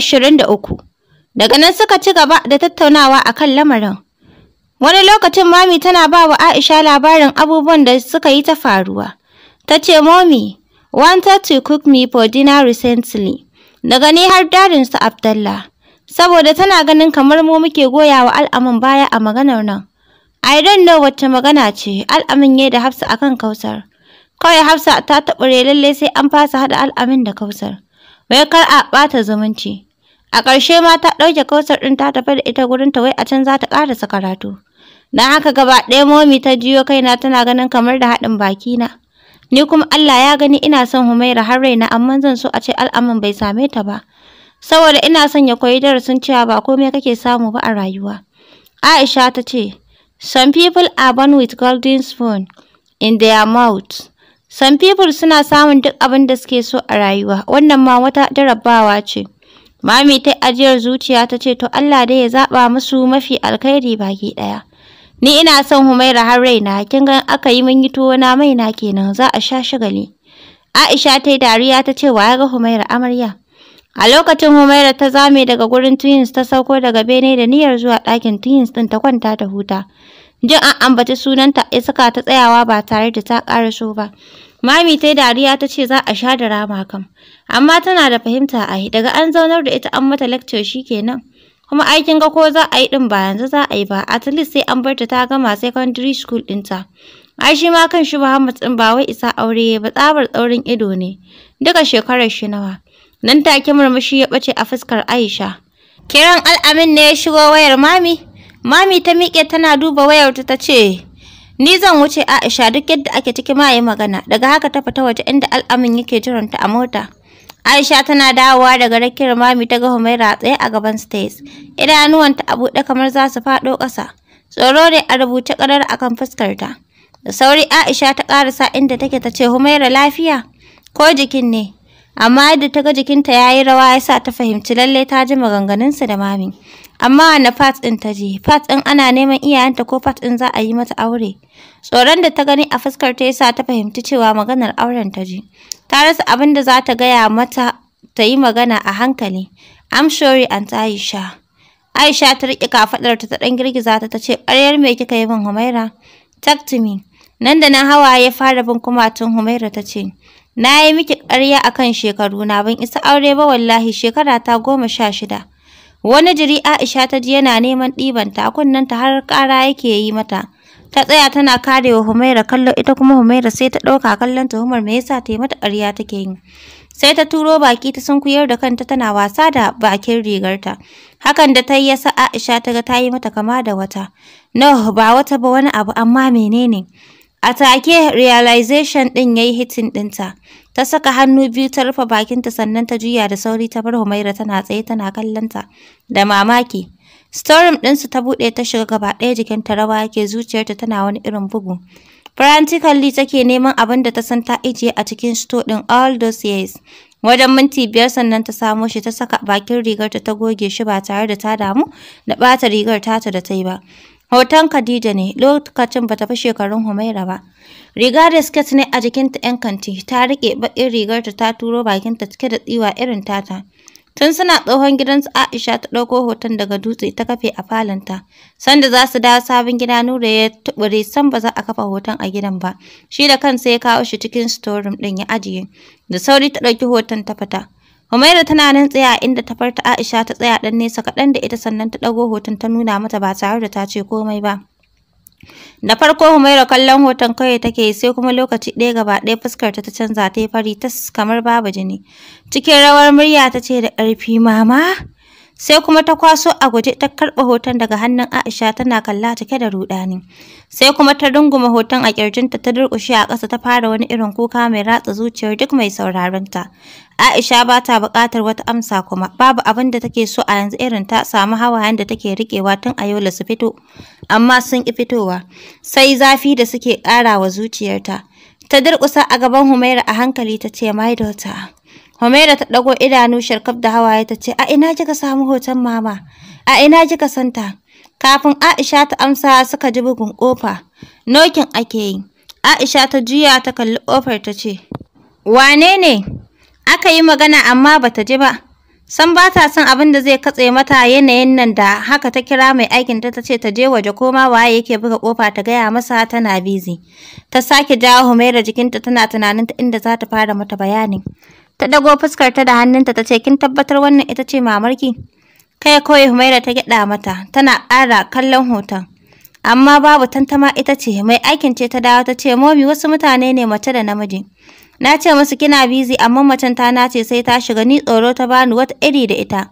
23. Daga nan suka ci gaba da tattaunawa akan lamarin. Wani lokacin mami tana ba wa Aisha labarin abubuwan da suka yi ta faruwa. Ta ce, "Mami, wanted to cook me for dinner recently. Daga ni har su Abdallah. Saboda tana ganin kamar mu muke goya wa al'amin baya a maganar nan. I don't know wacce magana ce al'amin ya da Hafsa akan Kausar. Kawai Hafsa ta taɓa lalle sai an fasa haɗa al'amin da Kausar. Wai kar a ɓata zumunci. A ƙarshe ma ta ɗauke kausar ɗin ta tafi da ita gurin ta wai a can za ta ƙarasa karatu. na haka gaba ɗaya momi ta jiyo kaina tana ganin kamar da haɗin baki na. Ni kuma Allah ya gani ina son Humaira har raina amma zan so a ce al'amin bai same ta ba. Saboda ina son ya koyi darasin cewa ba komai kake samu ba a rayuwa. Aisha ta ce, Some people are born with golden spoon in their mouth. Some people suna samun duk abin da suke so a rayuwa. Wannan ma wata jarabawa ce. Mami ta ajiyar zuciya ta ce to Allah dai ya zaɓa musu mafi alkhairi baki ɗaya. Ni ina son Humaira har raina, kin gan aka yi mun yi tuwo na maina kenan za a sha shagali. Aisha ta yi dariya ta ce wa ya ga Humaira amarya. A lokacin Humaira ta zame daga gurin Twins ta sauko daga bene da niyyar zuwa ɗakin Twins ɗin ta kwanta ta huta. Jin an ambaci sunanta isaka ta tsayawa ba tare da ta ƙara so ba. Mami ta yi dariya ta ce za a sha da rama kam. Amma tana da fahimta a yi daga an zaunar da ita an mata lecture shi kenan. Kuma aikin ga ko za a yi ɗin ba yanzu za a yi ba, at least sai an bar ta ta gama secondary school ɗinta. Ai shi ma kan shi Muhammad ɗin ba wai isa aure ya ba tsabar tsaurin ido ne. Duka shekarar shi nawa. Nan take murmushi ya ɓace a fuskar Aisha. Kiran al'amin ne ya shigo wayar mami. Mami ta miƙe tana duba wayarta ta ce, Ni zan wuce Aisha duk yadda ake ciki ma yi magana. Daga haka ta fita waje inda al'amin yake jiranta a mota. Aisha tana dawowa daga rakiyar mami ta ga Humaira tsaye a gaban stairs. Idanuwanta a buɗe kamar za su faɗo ƙasa. Tsoro ne a rubuce ƙarar akan fuskarta. Da sauri Aisha ta ƙarasa inda take ta ce Humaira lafiya? Ko jikin ne? amma yadda ta ga jikinta ya yi rawa ya sa ta fahimci lalle ta ji maganganunsa da mami. Amma na Fat ɗin ta je, Fat ɗin ana neman iyayenta ko Fat ɗin za a yi mata aure. Tsoron da ta gani a fuskar ta yasa ta fahimci cewa maganar auren ta je. Ta rasa abin da za ta gaya mata ta yi magana a hankali. I'm sorry Aunt Aisha. Aisha ta riƙe kafaɗarta ta ɗan girgiza ta ta ce ƙaryar me kika yi min Humaira? Talk to me. Nan da nan hawa ya fara bin kuma tun Humaira ta ce, Na yi miki ƙarya a kan shekaru, na ban isa aure ba wallahi shekara ta goma sha shida. Wani jiri Aisha ta ji yana neman ɗibanta, kunnen ta har ƙara yake yi mata. Ta tsaya tana karewa Humaira kallo ita kuma Humaira sai ta ɗauka kallon tuhumar me yasa ta yi mata ƙarya take yi. sai ta turo baki ta sunkuyar da kanta tana wasa da bakin rigarta. Hakan da ta yi ya Aisha ta ga ta yi mata kama da wata. No, ba wata ba wani abu amma menene? A take realization ɗin yayi yi hitin ɗinta. Ta saka hannu biyu ta rufe bakinta sannan ta juya da sauri ta bar Humaira tana tsaye tana kallonta da mamaki. Storm ɗinsu ta buɗe ta shiga gaba ɗaya jikinta rawa yake zuciyarta tana wani irin bugu. Frantically take neman abin da ta san ta ijiye a cikin store ɗin all those years. Wajen minti biyar sannan ta samo shi ta saka bakin rigarta ta goge shi ba tare da ta damu da ɓata rigar tata da ta yi ba. Hoton Khadija ne lokacin bata fi shekarun Humaira ba. Rigar da skirt ne a jikinta 'yan kanti, ta riƙe baƙin rigarta ta turo bakinta cike da tsiwa irin tata. Tun suna tsohon gidansu Aisha ta ɗauko hoton daga dutse ta kafe a falonta. Sanda za su dawo sabon gida Nura ya tubure san ba za a kafa hoton a gidan ba. Shi da kansa ya kawo shi cikin storeroom ɗin ya ajiye. Da sauri ta ɗauki hoton ta fita. Humaira tana nan tsaya inda ta farta Aisha ta tsaya dan nesa kaɗan da ita sannan ta ɗago hoton ta nuna mata ba tare da ta ce komai ba. Da farko Humaira kallon hoton kawai take sai kuma lokaci ɗaya gaba ɗaya fuskar ta ta canza ta yi fari tas kamar babu jini. Cikin rawar murya ta ce da ƙarfi mama. sai kuma ta kwaso a guje ta karɓa hoton daga hannun Aisha tana kalla cike da rudani. Sai kuma ta runguma hoton a kirjinta ta durƙushe a ƙasa ta fara wani irin kuka mai ratsa zuciyar duk mai sauraronta. Aisha ba ta buƙatar wata amsa kuma babu abin da take so a yanzu irin ta samu hawayen da take riƙewa tun a yola su fito amma sun ki fitowa sai zafi da suke ƙara zuciyarta. Ta durƙusa a gaban Humaira a hankali ta ce my daughter Humaira ta ɗago idanu sharkaf da hawaye ta ce, A ina kika samu hoton mama? A ina kika santa? Kafin Aisha ta amsa suka ji bugun ƙofa. Nokin ake yi. Aisha ta juya ta kalli ƙofar ta ce, Wane ne? Aka yi magana amma ba ta ji ba. San ba ta son abin da zai katse mata yanayin nan da haka ta kira mai aikin ta ce ta je waje koma waye yake buga kofa ta gaya masa tana bizi. Ta sake jawo Humaira jikinta tana tunanin ta inda za ta fara mata bayani. Ta dago fuskarta da hannunta ta ce, Kin tabbatar wannan ita ce mamarki? Kai koyi Humaira ta gyaɗa mata, tana ƙara kallon hoton. Amma babu tantama ita ce, mai aikin ce ta dawo ta ce, Momi wasu mutane ne mace da namiji. Na ce musu kina bizi amma macen ta nace sai ta shiga ni tsoro ta bani wata iri da ita.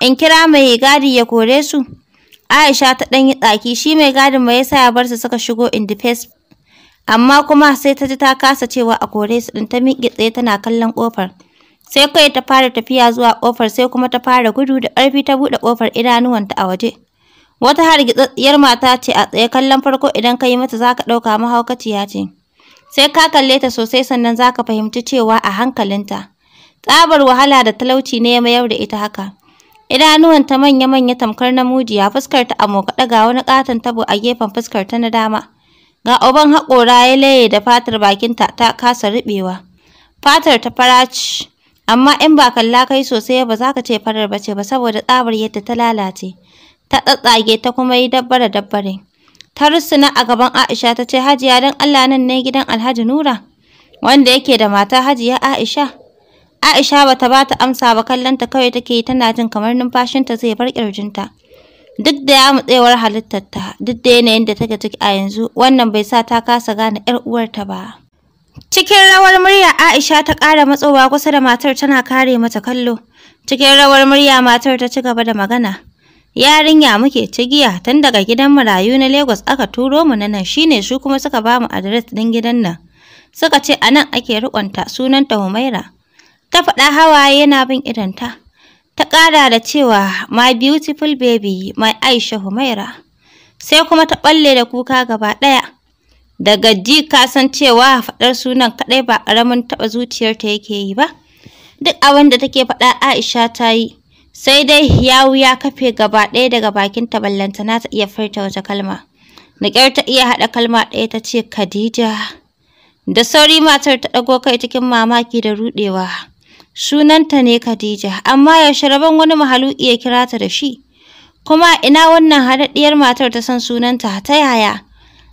In kira mai gadi ya kore su? Aisha ta ɗan yi tsaki, shi mai gadin mai yasa ya bar su suka shigo in the first amma kuma sai ta ji ta kasa cewa a kore su ɗin ta miƙe tsaye tana kallon ƙofar. Sai kai ta fara tafiya zuwa ƙofar sai kuma ta fara gudu da ƙarfi ta buɗe ƙofar idanuwanta a waje. Wata hargitsattsiyar mata ce a tsaye kallon farko idan ka yi mata za ka ɗauka mahaukaciya ce. Sai ka kalle ta sosai sannan za ka fahimci cewa a hankalinta. Tsabar wahala da talauci ne ya mayar da ita haka. Idanuwanta manya-manya tamkar na mujiya fuskarta a mokaɗa ga wani ƙaton tabo a gefen fuskar ta na dama. Ga uban haƙora ya laye da fatar bakinta ta kasa ruɓewa. Fatar ta fara ce, amma in ba kalla kai sosai ba za ka ce farar ba ce ba saboda tsabar yadda ta lalace. Ta tsatsage ta kuma yi dabbare dabbare. Ta rusuna a gaban Aisha ta ce Hajiya don Allah nan ne gidan Alhaji Nura wanda yake da mata Hajiya Aisha. Aisha bata ta amsa ba kallonta kawai take yi tana jin kamar numfashinta zai bar ƙirjinta. duk da ya mutsewar halittarta duk da yanayin da take ciki a yanzu wannan bai sa ta kasa gane yar uwarta ba cikin rawar murya Aisha ta ƙara matsowa kusa da matar tana kare mata kallo cikin rawar murya matar ta ci gaba da magana yarinya muke ta giya tun daga gidan marayu na Lagos aka turo mu na nan shine su kuma suka ba mu adres din gidan nan suka ce a nan ake rikonta sunanta Humaira ta faɗa hawaye yana bin idanta Ta ƙara da cewa, My beautiful baby, my Aisha Humaira. Sai kuma ta ɓalle da kuka gaba ɗaya. Daga ji ka san cewa faɗar sunan kaɗai ba ƙaramin taɓa zuciyarta yake yi ba. Duk abin da take faɗa Aisha ta yi, sai dai yawu ya kafe gaba ɗaya daga bakinta ballantana ta iya furta wata kalma. Da ƙyar ta iya haɗa kalma ɗaya ta ce, Khadija. Da sauri matar ta ɗago kai cikin mamaki da ruɗewa. Sunanta ne Khadija, amma yaushe rabon wani mahaluki ya kira ta da shi. Kuma ina wannan haɗaɗɗiyar matar ta san sunanta ta yaya?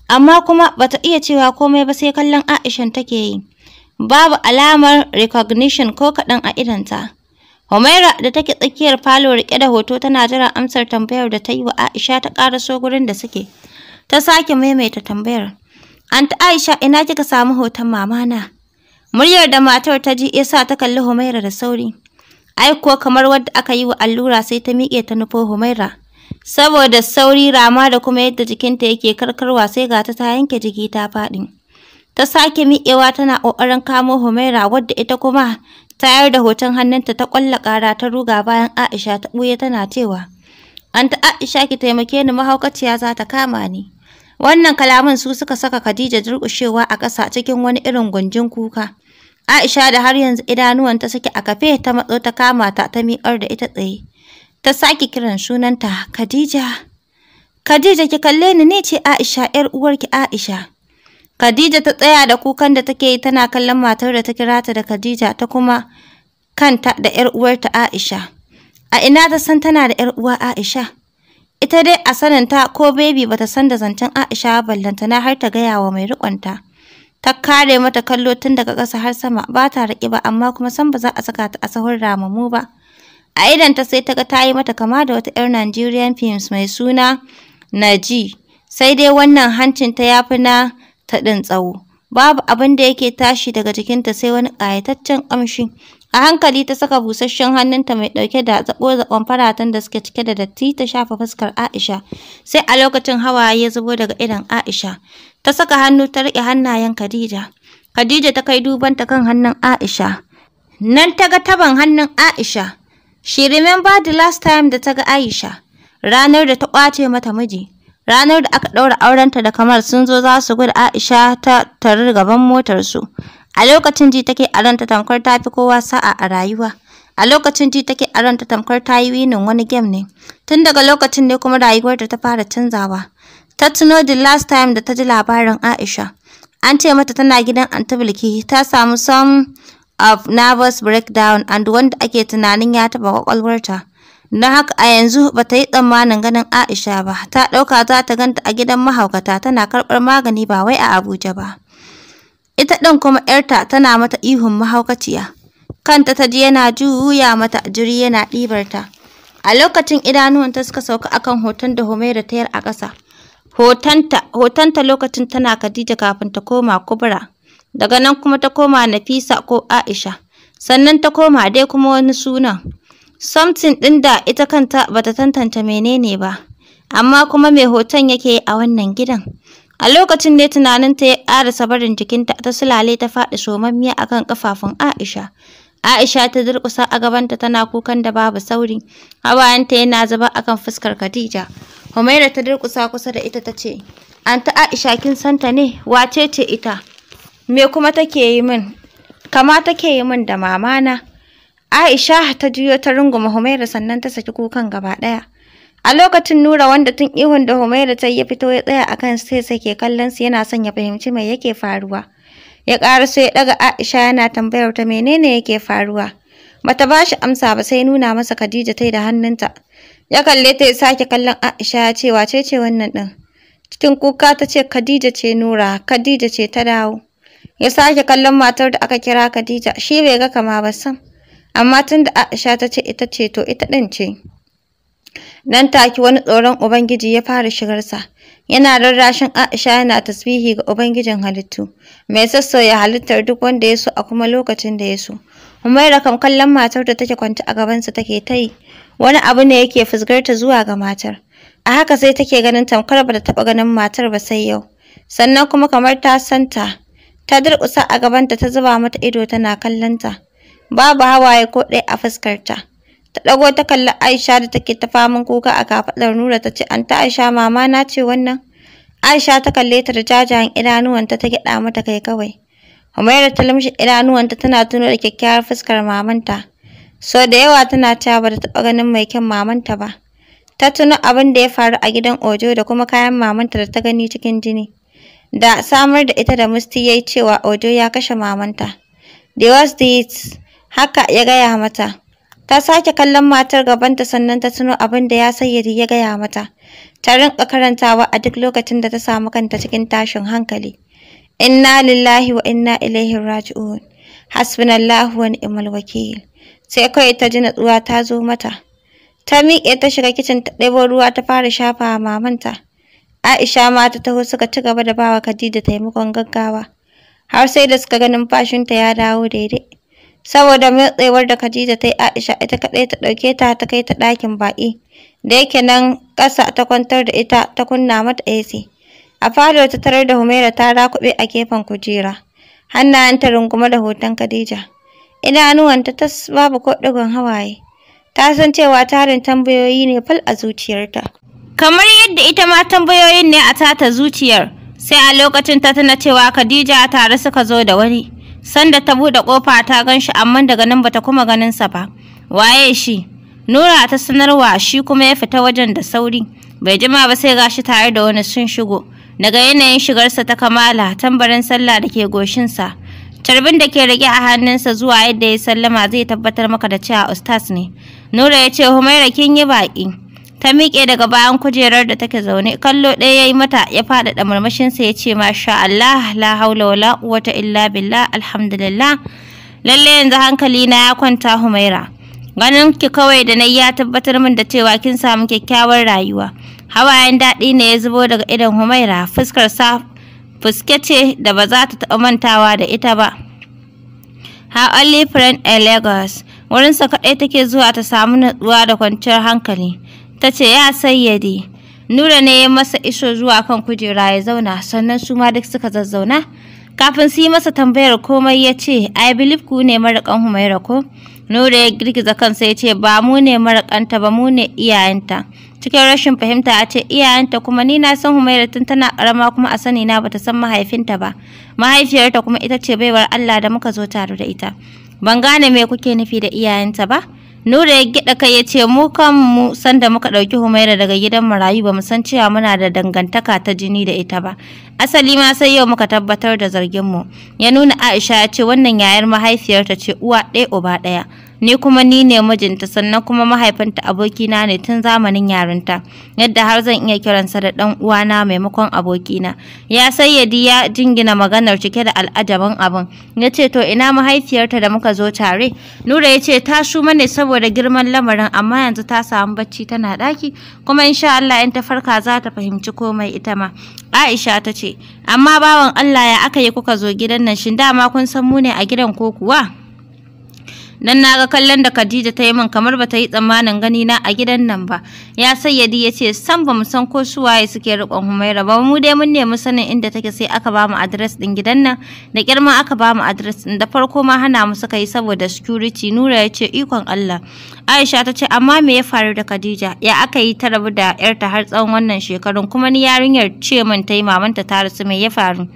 Amma kuma bata iya cewa komai ba sai kallon Aishan take yi. Babu alamar recognition ko kaɗan a ta. Humaira da take tsakiyar falo rike da hoto tana jiran amsar tambayar da ta yi wa Aisha ta ƙaraso gurin da suke. Ta sake maimaita tambayar. Anta Aisha ina kika samu hoton mamana? Muryar da matar ta ji sa ta kalli Humaira da sauri. Ai kuwa kamar wadda aka yi wa allura sai ta miƙe ta nufo Humaira. Saboda sauri rama da kuma yadda jikinta yake karkarwa sai ga ta yanke jiki ta faɗi. Ta sake miƙewa tana ƙoƙarin kamo Humaira wadda ita kuma tayar da hoton hannunta ta ƙwalla ƙara ta ruga bayan Aisha ta ɓuya tana cewa. An ta Aisha ki taimake ni mahaukaciya za ta kama ni. Wannan kalaman su suka saka Khadija durƙushewa a ƙasa cikin wani irin gunjin kuka. Aisha da har yanzu idanuwanta ta sake a kafe ta matso ta kama ta ta miƙar da ita tsaye. Ta sake kiran sunanta Khadija. Khadija ki kalle ni ne ce Aisha ‘yar uwarki Aisha. Khadija ta tsaya da kukan da take yi tana kallon matar da ta kira ta da Khadija ta kuma kanta da ‘yar uwarta Aisha. A ina ta san tana da ‘yar uwa Aisha? Ita dai a saninta ko bebi bata san da zancen Aisha ballantana har ta gaya wa mai riƙonta. ta kare mata kallo tun daga ƙasa har sama ba ta riƙe ba amma kuma san ba za a saka ta a sahun ramamu ba a ta sai ta ga ta yi mata kama da wata 'yar Nigerian films mai suna Naji sai dai wannan hancin ta yafi na taɗin tsawo babu abin da yake tashi daga jikinta sai wani ƙayataccen ƙamshi A hankali ta saka busasshen hannunta mai ɗauke da zaɓo-zaɓon faratan da suke cike da datti ta shafa fuskar Aisha. Sai a lokacin hawaye ya zubo daga idon Aisha. Ta saka hannu ta riƙe hannayen Khadija. Khadija ta kai dubanta kan hannun Aisha. Nan ta ga taban hannun Aisha. She remember the last time da ta ga Aisha. Ranar da ta ƙwace mata miji. Ranar da aka ɗaura aurenta da kamar sun zo za su gudu Aisha ta tarar gaban motarsu. A lokacin ji take a tamkar ta fi kowa sa'a a rayuwa. A lokacin ji take a tamkar ta yi winin wani game ne. Tun daga lokacin ne kuma rayuwarta ta fara canzawa. Ta tuno the last time da ta ji labarin Aisha. An ce mata tana gidan Antabilki ta samu some of nervous breakdown and wanda ake tunanin ya taɓa kwakwalwarta. Na haka a yanzu ba ta yi tsammanin ganin Aisha ba, ta ɗauka za ta ganta a gidan mahaukata tana karɓar magani ba wai a Abuja ba. ita ɗin kuma ‘yarta tana mata ihun mahaukaciya. Kanta ta ji yana juya mata jiri yana ɗibarta. A lokacin idanuwanta suka sauka akan hoton da Humaira ta yar a ƙasa. Hotonta, lokacin tana Khadija kafin ta koma Kubra. Daga nan kuma ta koma Nafisa ko Aisha. Sannan ta koma dai kuma wani sunan. Something ɗin da ita kanta bata tantance menene ba. Amma kuma mai hoton yake a wannan gidan? A lokacin da tunaninta ya ƙarasa barin jikinta ta sulale ta faɗi somammiya akan ƙafafun Aisha. Aisha ta durƙusa a gabanta tana kukan da babu sauri, hawayenta yana zuba akan fuskar Khadija. Humaira ta durƙusa kusa da ita ta ce, "Anta Aisha kin santa ne, wace ce ita? Me kuma take yi min? Kama take yi min da mamana?" Aisha ta juyo ta runguma Humaira sannan ta saki kukan gaba ɗaya. A lokacin Nura wanda tun ihun da Humaira ta ya fito ya tsaya a kan sai sake kallon su yana son ya fahimci mai yake faruwa. Ya ƙara sai ya ɗaga Aisha yana tambayar ta menene yake faruwa. Bata ba shi amsa ba sai nuna masa Khadija ta da hannunta. Ya kalle ta ya sake kallon Aisha ya ce wace ce wannan ɗin. Cikin kuka ta ce Khadija ce Nura, Khadija ce ta dawo. Ya sake kallon matar da aka kira Khadija, shi bai ga kama ba sam. Amma tun da Aisha ta ce ita ce to ita ɗin ce. Nan take wani tsoron Ubangiji ya fara shigarsa. Yana rarrashin Aisha yana tasbihi ga Ubangijin halittu, mai sassauya halittar duk wanda ya so a kuma lokacin da ya so. Humaira kam kallon matar da take kwanta a gabansa take ta yi, wani abu ne yake fusgarta zuwa ga matar. A haka sai take ganin tamkar ba ta taɓa ganin matar ba sai yau. Sannan kuma kamar ta santa, ta durƙusa a gabanta ta zuba mata ido tana kallonta. Babu hawaye ko ɗaya a fuskarta. ta ɗago ta kalli Aisha da take ta faman kuka a kafadar Nura ta ce "Anta ta Aisha mama na ce wannan Aisha ta kalle ta da jajayen idanuwanta ta gyaɗa mata kai kawai Humaira ta lamshe idanuwanta tana tuno da kyakkyawar fuskar mamanta so da yawa tana ta ba ta taɓa ganin mai kyan mamanta ba ta tuno abin da ya faru a gidan Ojo da kuma kayan mamanta da ta gani cikin jini da samar da ita da Musti yayi cewa Ojo ya kashe mamanta They was haka ya gaya mata Ta sake kallon matar gabanta sannan ta tuno abin da ya sayyari ya gaya mata. Ta rinka karantawa a duk lokacin da ta samu kanta cikin tashin hankali. Inna lillahi wa inna ilaihi raji'un. Hasbunallahu wa ni'mal wakil. Sai kwai ta ji natsuwa ta zo mata. Ta miƙe ta shiga kicin ta ɗebo ruwa ta fara shafa mamanta. Aisha ma ta taho suka ci gaba da bawa Khadija taimakon gaggawa. Har sai da suka ga numfashinta ya dawo daidai. saboda matsewar da Khadija ta yi Aisha ita kadai ta ɗauke ta ta kai ta ɗakin baƙi da yake nan ƙasa ta kwantar da ita ta kunna mata AC a falo ta tarar da Humaira ta rakuɓe a gefen kujera ta runguma da hoton Khadija idanuwanta tas babu ko ɗigon hawaye ta san cewa tarin tambayoyi ne fal a zuciyarta kamar yadda ita ma tambayoyin ne a tata zuciyar sai a lokacin ta tana cewa Khadija tare suka zo da wani Sanda ta buɗe kofa ta ganshi amma daga nan bata kuma ganinsa ba. Waye shi? Nura ta sanarwa shi kuma ya fita wajen da sauri. Bai jima ba sai gashi tare da wani sun shigo. Daga yanayin shigarsa ta kamala tambarin sallah da ke goshinsa. Carbin da ke rike a hannunsa zuwa yadda ya sallama zai tabbatar maka da cewa ustaz ne. Nura ya ce Humaira kin yi baƙi. ta miƙe daga bayan kujerar da take zaune kallo ɗaya ya yi mata ya faɗaɗa murmushinsa ya ce masha Allah la haula wala quwwata illa billah alhamdulillah lalle yanzu hankali na ya kwanta Humaira ganin ki kawai da nayi ya tabbatar min da cewa kin samu kyakkyawar rayuwa hawayen daɗi ne ya zubo daga idan Humaira fuskar sa fuske ce da ba za ta taɓa mantawa da ita ba her only friend a Lagos wurinsa kaɗai take zuwa ta samu natsuwa da kwanciyar hankali ta ce ya sayyadi nura ne ya masa iso zuwa kan kujera ya zauna sannan su ma duk suka zazzauna kafin su yi masa tambayar komai ya ce i believe ku ne marakan humaira ko nura ya girgiza kansa ya ce ba mu ne marakanta ba mu ne iyayenta cikin rashin fahimta a ce iyayenta kuma ni na san Humaira tun tana karama kuma a sani na bata san mahaifinta ba mahaifiyarta kuma ita ce baiwar Allah da muka zo tare da ita ban gane me kuke nufi da iyayenta ba Nura ya gida kai ya ce mu kanmu sanda muka ɗauki Humaira daga gidan marayu ba mu san cewa muna da dangantaka ta jini da ita ba. Asali ma sai yau muka tabbatar da zargin mu. Ya nuna Aisha ya ce wannan yayar mahaifiyarta ce uwa ɗaya uba ɗaya. ni kuma ni ne mijinta sannan kuma mahaifinta abokina ne tun zamanin yarinta yadda har zan iya kiransa da dan uwana maimakon abokina ya sayyadi ya jingina maganar cike da al'ajaban abin ya ce to ina mahaifiyarta da muka zo tare nura ya ce ta shuma ne saboda girman lamarin amma yanzu ta samu bacci tana daki kuma insha Allah in ta farka za ta fahimci komai ita ma Aisha ta ce amma bawan Allah ya aka yi kuka zo gidan nan shin dama kun san mu ne a gidan ko kuwa nan na ga kallon da Khadija ta yi min kamar ba ta yi tsammanin gani na a gidan nan ba. Ya sayyadi ya ce san ba mu san ko suwaye suke riƙon Humaira ba mu dai mun nemi sanin inda take sai aka ba mu adres ɗin gidan nan da kirma aka ba mu adres ɗin da farko ma hana mu suka yi saboda security Nura ya ce ikon Allah. Aisha ta ce amma me ya faru da Khadija ya aka yi ta rabu da yarta har tsawon wannan shekarun kuma ni yarinyar ce min ta yi mamanta ta rasu me ya faru.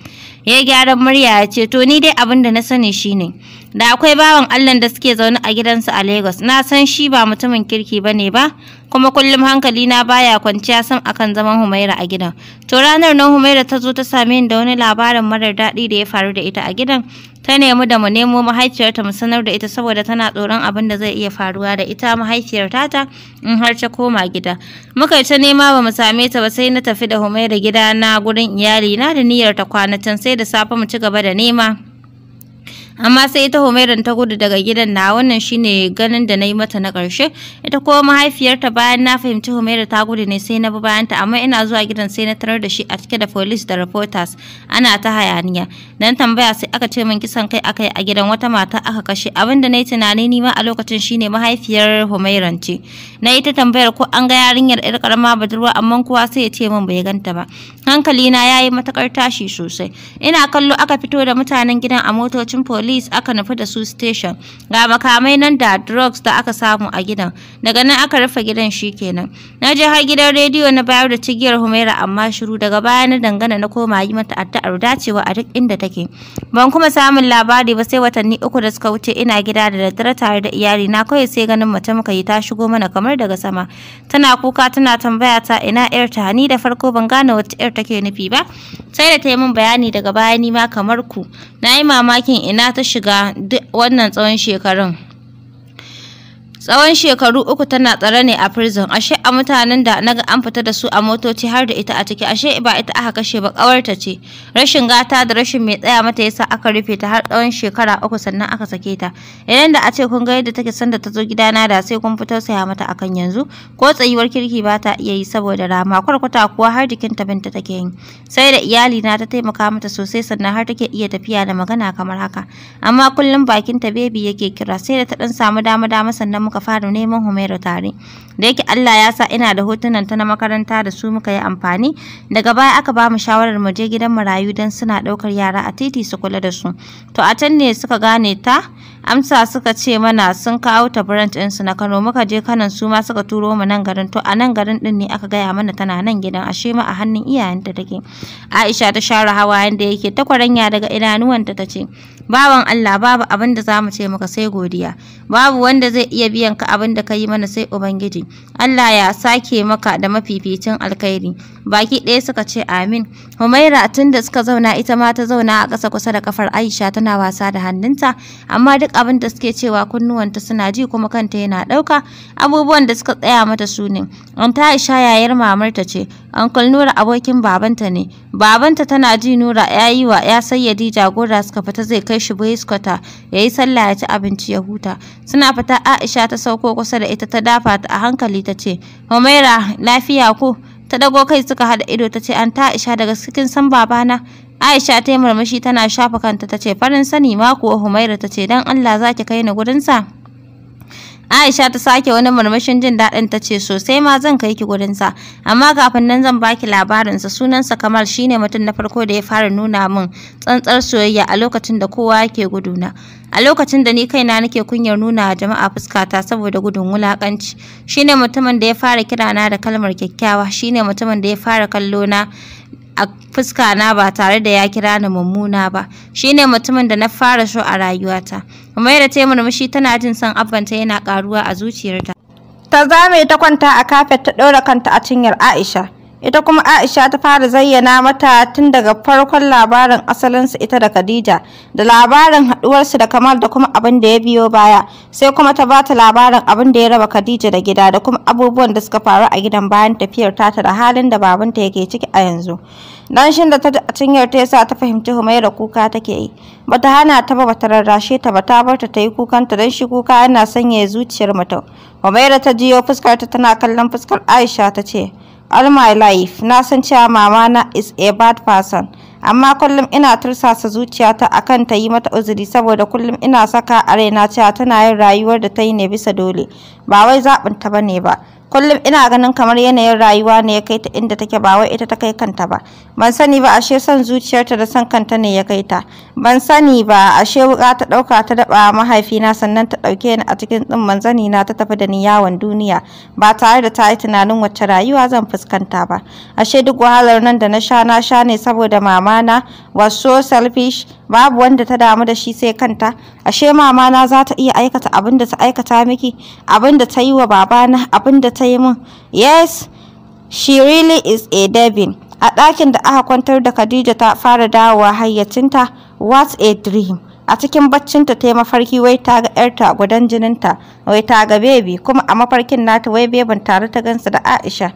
ya gyaran murya ya ce to ni dai abin da na sani shine da akwai bawan allah da suke zaune a gidansu a lagos na san shi ba mutumin kirki ba ne ba kuma kullum hankali na baya kwanciya sam akan zaman humaira a gidan to ranar nan humaira ta zo ta same ni da wani labarin marar daɗi da ya faru da ita a gidan ta nemi da mu nemo mahaifiyarta mu sanar da ita saboda tana tsoron abin da zai iya faruwa da ita mahaifiyar tata in har ta koma gida muka ta nema ba mu same ta ba sai na tafi da Humaira gida na gurin iyali na da niyyar ta kwanatan sai da safe mu ci gaba da nema amma sai ita Humairan ta gudu daga gidan na wannan shine ganin da na yi mata na ƙarshe ita kuma mahaifiyarta bayan na fahimci Humaira ta gudu ne sai na bi bayanta amma ina zuwa gidan sai na tarar da shi a cike da police da reporters ana ta hayaniya dan tambaya sai aka ce min kisan kai akai a gidan wata mata aka kashe abin da na yi tunani ni ma a lokacin shine mahaifiyar homeran ce na yi ta tambayar ko an ga yarinyar yar karama budurwa amma kowa sai ya ce min bai ganta ba hankali na yayi matakar tashi sosai ina kallo aka fito da mutanen gidan a motocin police police aka nufi da su station ga makamai nan da drugs da aka samu a gidan daga nan aka rufe gidan shi kenan na je har gidan rediyo na bayar da cigiyar humaira amma shiru daga baya na dangana na koma yi mata addu'ar dacewa a duk inda take ban kuma samun labari ba sai watanni uku da suka wuce ina gida da daddare tare da iyali na kawai sai ganin mace muka yi ta shigo mana kamar daga sama tana kuka tana tambaya ta ina yar ta ni da farko ban gane wacce yar take nufi ba sai da ta yi min bayani daga baya ni ma kamar ku na yi mamakin ina ta shiga wannan tsawon shekarun Tsawon shekaru uku tana tsare ne a prison, ashe a mutanen da naga an fita da su a motoci har da ita a ciki, ashe ba ita aka kashe ba ƙawarta ce. Rashin gata da rashin mai tsaya mata yasa aka rufe ta har tsawon shekara uku sannan aka sake ta. Idan da a ce kun ga yadda take sanda ta zo gidana da sai kun fito saya mata akan yanzu, ko tsayuwar kirki ba ta iya yi saboda rama kwarkwata kuwa har jikinta binta take yi. Sai da iyali na ta taimaka mata sosai sannan har take iya tafiya da magana kamar haka. Amma kullum bakin ta bebi yake kira sai da ta ɗan samu dama-dama sannan muka muka fara neman Humaira tare. Da yake Allah ya sa ina da hotunan ta na makaranta da su muka yi amfani, daga baya aka ba mu shawarar mu je gidan marayu don suna ɗaukar yara a titi su kula da su. To a can ne suka gane ta, amsa suka ce mana sun kawo ta branch ɗinsu na Kano muka je kanan su ma suka turo mu nan garin to a nan garin ɗin ne aka gaya mana tana nan gidan ashe shema a hannun iyayenta take. Aisha ta share hawa da yake ta kwaranya daga idanuwanta ta ce Baban Allah babu abin da zamu ce maka sai godiya babu wanda zai iya biyan ka abin da ka yi mana sai ubangiji Allah ya sake maka da mafificin alkhairi baki ɗaya suka ce amin Humaira tun da suka zauna ita ma ta zauna a ƙasa kusa da kafar Aisha tana wasa da hannunta amma duk abin da suke cewa kunnuwanta suna ji kuma kanta yana ɗauka abubuwan da suka tsaya mata su ne an ta Aisha yayar mamarta ce Uncle Nura abokin babanta ne babanta tana ji nura ya yi wa ya sayyadi jagora suka fita zai kai shi biskota ya yi sallah ya ci abinci ya huta suna fita aisha ta sauko kusa da ita ta dafa ta a hankali ta ce homaira lafiya ko ta dago kai suka haɗa ido ta ce an ta aisha daga cikin san babana aisha ta yi murmushi tana shafa kanta ta ce farin sani ma kuwa humaira ta ce don allah za ki kai ni gurinsa Aisha ta sake wani murmushin jin daɗin ta ce sosai ma zan kai ki gurinsa amma kafin nan zan baki labarinsa sunansa Kamal shine mutum na farko da ya fara nuna min tsantsar soyayya a lokacin da kowa yake guduna a lokacin da ni kaina nake kunyar nuna wa jama'a fuskata saboda gudun wulakanci shine mutumin da ya fara kirana da kalmar kyakkyawa shine mutumin da ya fara kallona. a fuska na ba tare da ya kira ni mummuna ba Shi ne mutumin da na fara so a rayuwata Kuma yadda ta yi murmushi tana jin son abbanta yana karuwa a zuciyarta ta zame ta kwanta a kafet ta ɗora kanta a cinyar Aisha ita kuma Aisha ta fara zayyana mata tun daga farkon labarin asalinsu ita da Khadija da labarin haduwarsu da Kamal da kuma abin da ya biyo baya sai kuma ta bata labarin abin da ya raba Khadija da gida da kuma abubuwan da suka faru a gidan bayan tafiyar ta da halin da babanta yake ciki a yanzu shin da ta a cinyar ta yasa ta fahimci Humaira kuka take yi bata hana ta ba bata rarrashe ta ba ta bar ta yi kukanta dan shi kuka yana sanya zuciyar mutum Humaira ta jiyo fuskar ta tana kallon fuskar Aisha ta ce all my life na san cewa mama na is a bad person amma kullum ina tursasa zuciyata akan ta yi mata uzuri saboda kullum ina saka a raina cewa tana yin rayuwar da ta yi ne bisa dole ba wai zaɓin ta bane ba kullum ina ganin kamar yanayin rayuwa ne ya kai ta inda take ba wai ita ta kai kanta ba ban sani ba ashe son zuciyarta da son kanta ne ya kai ta ban sani ba ashe wuka ta dauka ta daba mahaifina sannan ta dauke ni a cikin din manzani na ta tafi da ni yawon duniya ba tare da ta yi tunanin wacce rayuwa zan fuskanta ba ashe duk wahalar nan da na sha na sha ne saboda mamana was so selfish babu wanda ta damu da shi sai kanta ashe mama na za ta iya aikata abin da ta aikata miki abin da ta yi wa babana abin da ta yi min yes she really is a devil a ɗakin da aka kwantar da khadija ta fara dawowa hayyacinta what a dream a cikin baccinta ta yi mafarki wai ta ga yarta gudan jininta wai ta ga bebi kuma a mafarkin nata wai bebin tare ta gansa da aisha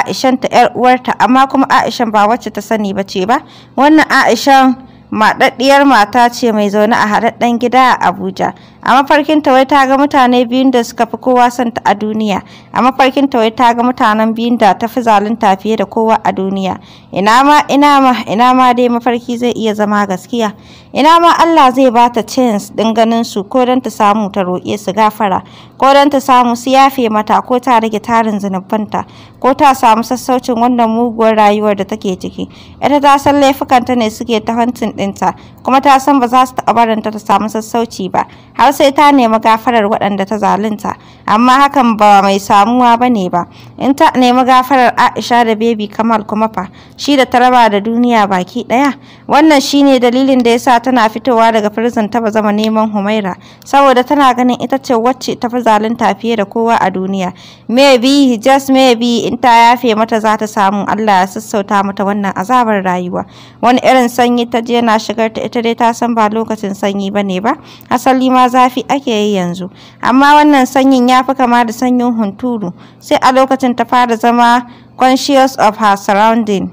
aishan ta yar uwarta amma kuma aishan ba wacce ta sani ba ce ba wannan aishan maɗaɗɗiyar mata ce mai zaune a haɗaɗɗen gida a Abuja a ta wai ta ga mutane biyun da suka fi kowa santa a duniya a ta wai ta ga mutanen biyun da ta fi zalunta fiye da kowa a duniya ina ma ina ma ina ma dai mafarki zai iya zama gaskiya ina ma Allah zai ba ta chance din ganin su ko don ta samu ta roƙe su gafara ko don ta samu su yafe mata ko ta rage tarin zanubanta ko ta samu sassaucin wannan muguwar rayuwar da take ciki ita ta san laifukanta ne suke ta hantin ɗinta kuma ta san ba za su taɓa barinta ta samu sassauci ba har sai ta nemi gafarar waɗanda ta zalunta amma hakan ba mai samuwa ba ne ba in ta nemi gafarar aisha da bebi kamal kuma fa shi da ta raba da duniya baki ɗaya wannan shine dalilin da ya sa tana fitowa daga prison ta zama neman humaira saboda tana ganin ita ce wacce ta fi zalunta fiye da kowa a duniya maybe just maybe in ta yafe mata za ta samu allah ya sassauta mata wannan azabar rayuwa wani irin sanyi ta je yana shigar ta ita dai ta san ba lokacin sanyi ba ne ba asali ma za zafi ake yi yanzu, amma wannan sanyin ya fi kama da sanyin hunturu, sai a lokacin ta fara zama conscious of her surrounding.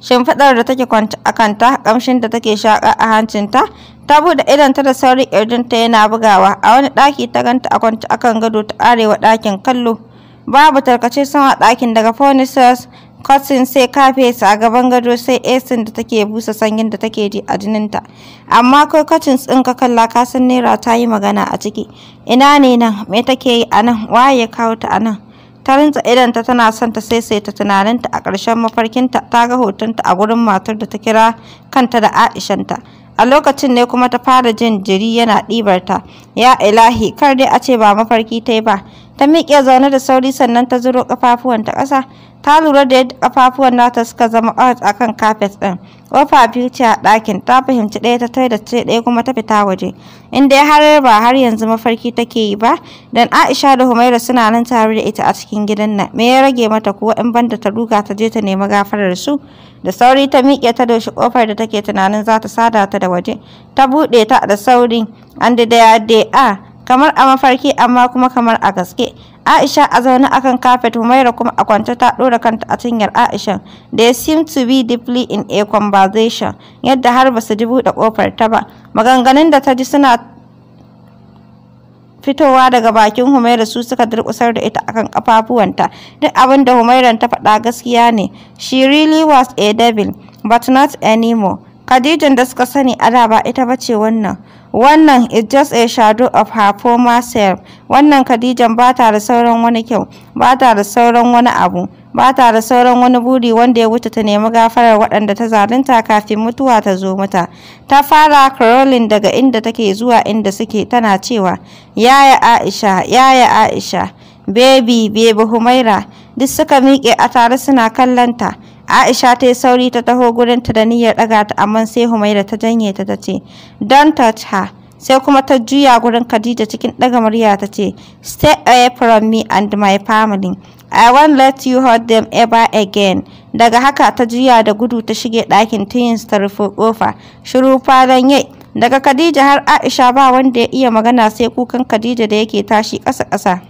Shimfiɗar da take a kanta, ƙamshin da take shaƙa a hancinta, ta buɗe idonta da sauri ƙirjinta yana bugawa, a wani ɗaki ta ganta a kwance akan gado ta arewa ɗakin kallo. Babu tarkace sama ɗakin daga furnitures Cotton sai ka fesa a gaban gado sai esin da take busa sanyin da take ji a jininta. Amma kai Cotton ɗin ka kalla ka san Naira ta yi magana a ciki. Ina ne nan? Me take yi a nan? Waye ya kawo ta a nan? Ta rinta idanta tana son ta ta tunaninta a ƙarshen mafarkinta ta ga hotonta a gurin matar da ta kira kanta da Aishanta. a lokacin ne kuma ta fara jin jiri yana ɗibarta ya ilahi kar dai a ce ba mafarki ta yi ba ta miƙe zaune da sauri sannan ta zuro ƙafafuwanta ƙasa ta lura da yadda kafafuwan nata suka zama art a kan kafet ɗin kofa biyu ce a ɗakin ta fahimci ɗaya ta tai da ce ɗaya kuma ta fita waje inda ya har ba har yanzu mafarki take yi ba dan aisha da humaira suna nan tare da ita a cikin gidan nan me ya rage mata kuwa in banda ta duka ta je ta nemi gafarar su da sauri ta miƙe ta doshi kofar da take tunanin za ta sada ta da waje ta buɗe ta da sauri and they are kamar a mafarki amma kuma kamar a gaske Aisha a zaune akan kafet Humaira kuma a kwanta ta ɗora kanta a cinyar Aisha. They seem to be deeply in a conversation yadda har basu ji buɗe kofar ta ba. Maganganun da ta ji suna fitowa daga bakin Humaira su suka durkusar da ita akan kafafuwanta. Duk abin da Humairan ta faɗa gaskiya ne. She really was a devil but not anymore. Khadijan da suka sani a da ba ita ba ce wannan. Wannan is just a shadow of her former self. Wannan Khadijan ba ta da sauran wani kyau, ba ta da sauran wani abu, ba ta da sauran wani buri wanda ya wuce ta nemi gafarar waɗanda ta zalunta kafin mutuwa ta zo mata. Ta fara crawling daga inda take zuwa inda suke tana cewa, Yaya Aisha, Yaya Aisha, Baby, Baby Humaira, duk suka miƙe a tare suna kallon ta. Aisha ta yi sauri ta taho gurin ta da niyyar ɗaga ta amma sai Humaira ta janye ta ta ce, Don't touch her. Sai kuma ta juya gurin Khadija cikin ɗaga murya ta ce, Stay away from me and my family. I won't let you hurt them ever again. Daga haka ta juya da gudu ta shige ɗakin tiyins ta rufe ƙofa. Shiru falon yai. Daga Khadija har Aisha ba wanda ya iya magana sai kukan Khadija da yake tashi ƙasa-ƙasa.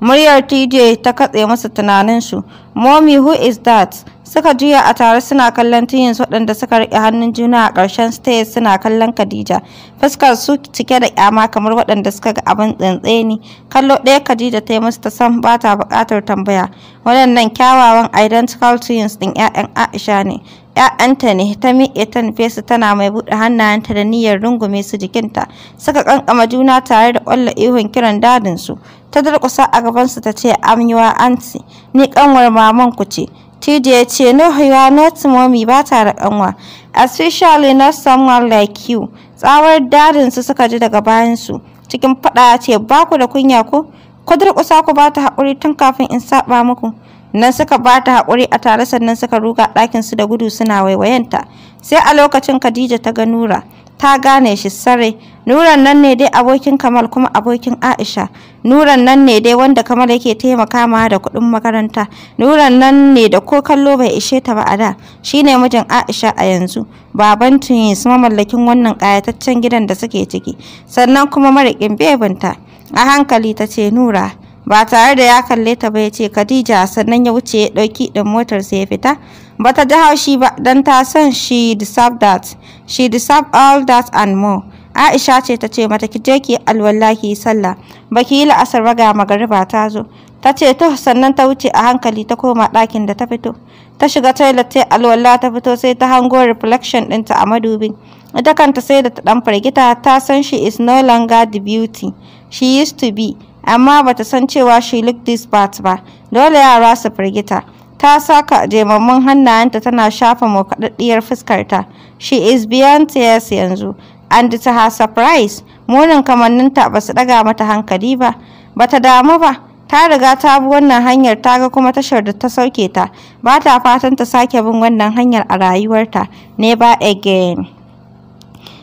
Muryar TJ ta katse masa tunaninsu. Mommy who is that? Suka juya a tare suna kallon tiyins waɗanda suka riƙe hannun juna a karshen stage suna kallon Khadija. Fuskar su cike da ƙyama kamar waɗanda suka ga abin tsantseni. Kallo ɗaya Khadija ta yi musu ta san ba ta buƙatar tambaya. Waɗannan kyawawan identical twins ɗin 'ya'yan Aisha ne. ‘ya'yanta ne ta miƙe ta nufe su tana mai buɗe hannayenta da niyyar rungume su jikinta suka ƙanƙama juna tare da ƙwallo ihun kiran dadin su ta durƙusa a gabansu ta ce amyuwa anti ni ƙanwar maman ku ce TJ ya ce no hiwa not mommy ba ta da ƙanwa especially not someone like you tsawar dadinsu suka ji daga bayansu cikin faɗa ya ce ba ku da kunya ku ku durƙusa ku ba ta haƙuri tun kafin in saɓa muku nan suka bata ta haƙuri a tare sannan suka ruga ɗakinsu da gudu suna waiwayenta sai a lokacin khadija ta ga nura ta gane shi sare nuran nan ne dai abokin kamal kuma abokin aisha nuran nan ne dai wanda kamal yake taimaka ma da kuɗin makaranta nuran nan ne da ko kallo bai ishe ta ba a da shine mijin aisha a yanzu baban tunis mamallakin wannan ƙayataccen gidan da suke ciki sannan kuma mariƙin bebinta a hankali ta ce nura ba tare da ya kalle ta ba ya ce Khadija sannan ya wuce ya ɗauki ɗin motar sai ya fita ba ta ji haushi ba don ta san she deserve that she deserve all that and more Aisha ce ta ce mata ki je ki alwala ki sallah baki yi la'asar ba ga magariba ta zo ta ce to sannan ta wuce a hankali ta koma ɗakin da ta fito ta shiga toilet sai alwala ta fito sai ta hango reflection ɗinta a madubi ita kanta sai da ta ɗan fargita. ta san she is no longer the beauty she used to be amma bata san cewa she looked this part ba dole yara su firgita ta saka jemammun hannayenta tana shafa mokaɗaɗɗiyar fuskarta she is beyond tears yanzu and to her surprise munin kamanninta ba su ɗaga mata hankali ba bata damu ba ta riga ta bi wannan hanyar ta ga kuma tashar da ta sauke ta ba ta fatan ta sake bin wannan hanyar a rayuwarta never again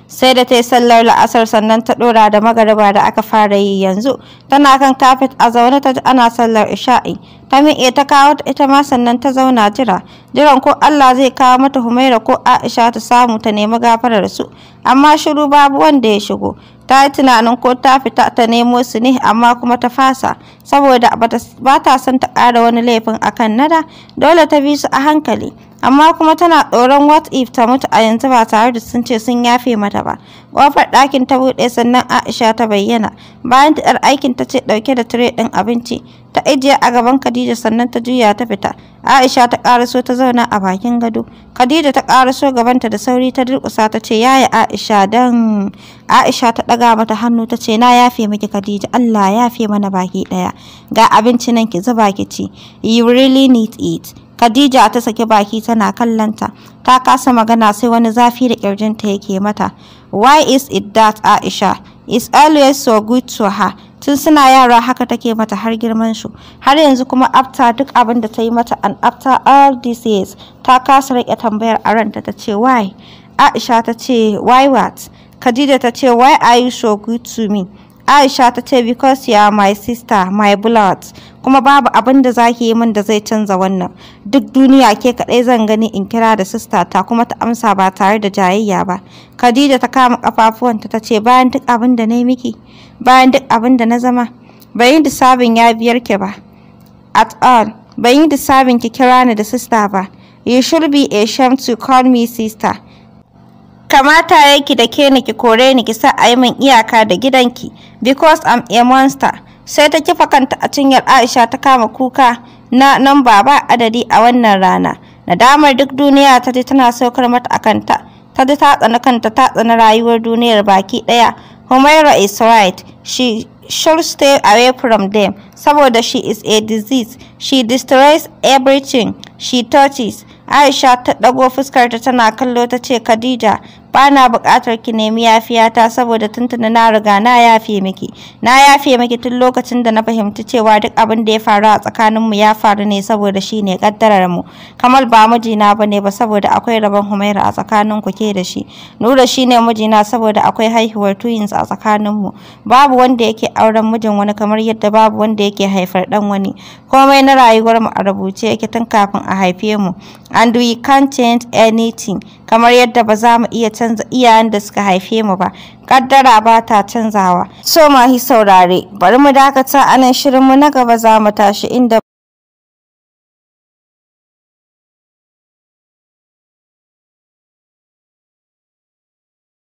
sai da ta yi sallar la'asar sannan ta ɗora da magariba da aka fara yi yanzu tana kan kafet a zaune ta ana sallar isha'i ta iya ta kawo ita ma sannan ta zauna jira jiran ko Allah zai kawo mata Humaira ko Aisha ta samu ta nemi gafarar su amma shiru babu wanda ya shigo ta yi tunanin ko ta fita ta nemo su ne amma kuma ta fasa saboda ba ta son ta ƙara wani laifin akan nada dole ta bi su a hankali amma kuma tana tsoron what if ta mutu a yanzu ba tare da sun ce sun yafe mata ba Kofar ɗakin ta buɗe sannan aisha ta bayyana bayan ta ɗar aikin ta ce ɗauke da tire ɗin abinci ta ajiye a gaban Khadija sannan ta juya ta fita. Aisha ta ƙaraso ta zauna a bakin gado. Khadija ta ƙaraso gabanta da sauri ta durƙusa ta ce yaya Aisha dan Aisha ta ɗaga mata hannu ta ce na yafe miki Khadija Allah yafe mana baki ɗaya. Ga abinci nan ki zuba ki ci. You really need it. Khadija ta saki baki tana kallanta. Ta kasa magana sai wani zafi da ƙirjinta yake mata. Why is it that Aisha? is always so good to her tun suna yara haka take mata har girman su har yanzu kuma after duk abin da ta yi mata and after all these years ta kasa rike tambayar a ranta ta ce why Aisha ta ce why what Khadija ta ce why are you so good to me Aisha ta ce because you are my sister my blood kuma babu abin da zaki yi min da zai canza wannan duk duniya ke kaɗai zan gani in kira da sista ta kuma ta amsa ba tare da jayayya ba khadija ta kama kafafuwanta ta ce bayan duk abin da na miki bayan duk abin da na zama bai yi sabin ya biyar ki ba at all bai yi sabin ki kira ni da sista ba you should be ashamed to call me sister kamata yake da ke ni ki kore ni ki sa a yi min iyaka da gidanki because I'm a monster sai ta kifa kanta a cinyar Aisha ta kama kuka na nan baba adadi a wannan rana. Nadamar duk duniya ta ji tana saukar mata a kanta, ta ji ta tsana kanta ta tsani rayuwar duniyar baki ɗaya. Humaira is right, she should stay away from them saboda she is a disease. She destroys everything she touches. Aisha ta ɗago fuskarta tana kallo ta ce Khadija ba na buƙatar ki nemi yafiyata saboda tuntuni na riga na yafe miki. Na yafe miki tun lokacin da na fahimci cewa duk abin da ya faru a tsakaninmu ya faru ne saboda shi ne mu Kamal ba mijina ba ne ba saboda akwai rabon Humaira a ku ke da shi. Nura shine mijina saboda akwai haihuwar twins a tsakaninmu. Babu wanda yake auren mijin wani kamar yadda babu wanda yake haifar dan wani komai na rayuwar mu a rubuce yake tun kafin a haife mu and we can't change anything kamar yadda ba za mu iya canza iyayen da suka haife mu ba kaddara ba ta canzawa so ma hi saurare bari mu dakata anan shirin mu na gaba za mu tashi inda